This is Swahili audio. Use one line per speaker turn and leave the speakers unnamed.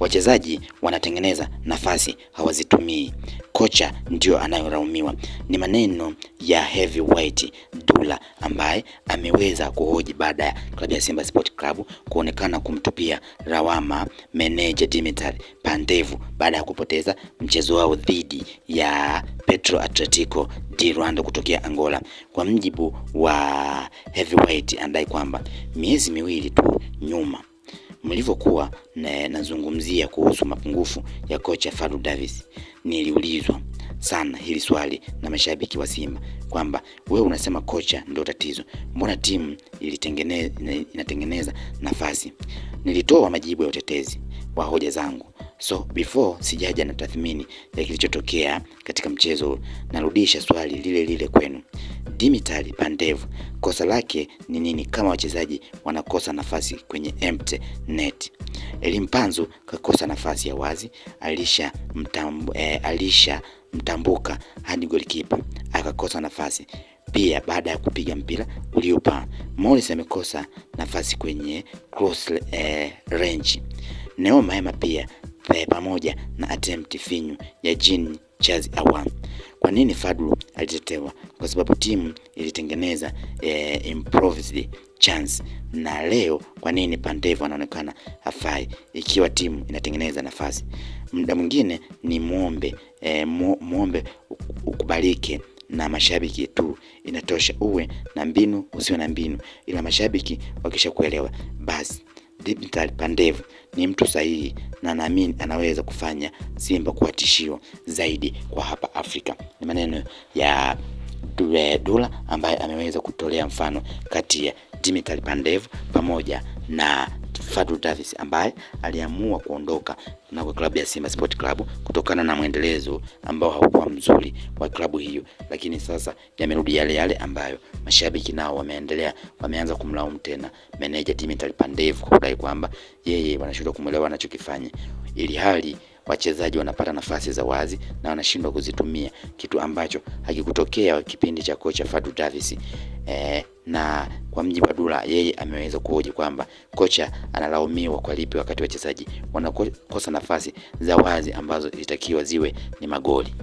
wachezaji wanatengeneza nafasi hawazitumii, kocha ndio anayoraumiwa Ni maneno ya Heavyweight Dulla ambaye ameweza kuhoji baada ya klabu ya Simba Sport Club kuonekana kumtupia lawama meneja Dimitar Pandevu baada ya kupoteza mchezo wao dhidi ya Petro Atletico di Rwanda kutokea Angola. Kwa mjibu wa Heavyweight, andai kwamba miezi miwili tu nyuma mlivyokuwa na nazungumzia kuhusu mapungufu ya kocha Fadlu Davis, niliulizwa sana hili swali na mashabiki wa Simba kwamba wewe unasema kocha ndio tatizo, mbona timu ilitengeneza inatengeneza nafasi? Nilitoa majibu ya utetezi wa hoja zangu So before sijaja na tathmini ya kilichotokea katika mchezo, narudisha swali lile lile kwenu. Dimitar Pandev kosa lake ni nini kama wachezaji wanakosa nafasi kwenye empty net? Elimpanzu kakosa nafasi ya wazi, alisha mtambu, eh, alisha mtambuka hadi golikipa akakosa nafasi pia baada ya kupiga mpira uliopaa. Morris amekosa nafasi kwenye cross eh, range. Neoma Hema pia naye eh, pamoja na attempt finyu ya Jean Charles Ahoua. Kwa nini Fadlu alitetewa? Kwa sababu timu ilitengeneza eh, improvised chance. Na leo kwa nini Pantev anaonekana hafai ikiwa timu inatengeneza nafasi? Muda mwingine ni muombe eh, muombe ukubalike na mashabiki tu inatosha. Uwe na mbinu usiwe na mbinu, ila mashabiki wakishakuelewa basi Dimitri Pandev ni mtu sahihi na naamini anaweza kufanya Simba kuwa tishio zaidi kwa hapa Afrika. Ni maneno ya Dula ambaye ameweza kutolea mfano kati ya Dimitri Pandev pamoja na Fadlu Davis ambaye aliamua kuondoka kwa klabu ya Simba Sport Club kutokana na mwendelezo ambao haukuwa mzuri wa klabu hiyo, lakini sasa yamerudi yale yale ambayo mashabiki nao wameendelea wameanza kumlaumu tena meneja Dimitar Pandev kwa kudai kwamba yeye wanashindwa kumwelewa anachokifanya, ili hali wachezaji wanapata nafasi za wazi na wanashindwa kuzitumia, kitu ambacho hakikutokea kipindi cha kocha Fadlu Davis eh, na kwa mjibu wa Dula, yeye ameweza kuhoji kwamba kocha analaumiwa kwa lipi wakati wachezaji wanakosa nafasi za wazi ambazo ilitakiwa ziwe ni magoli.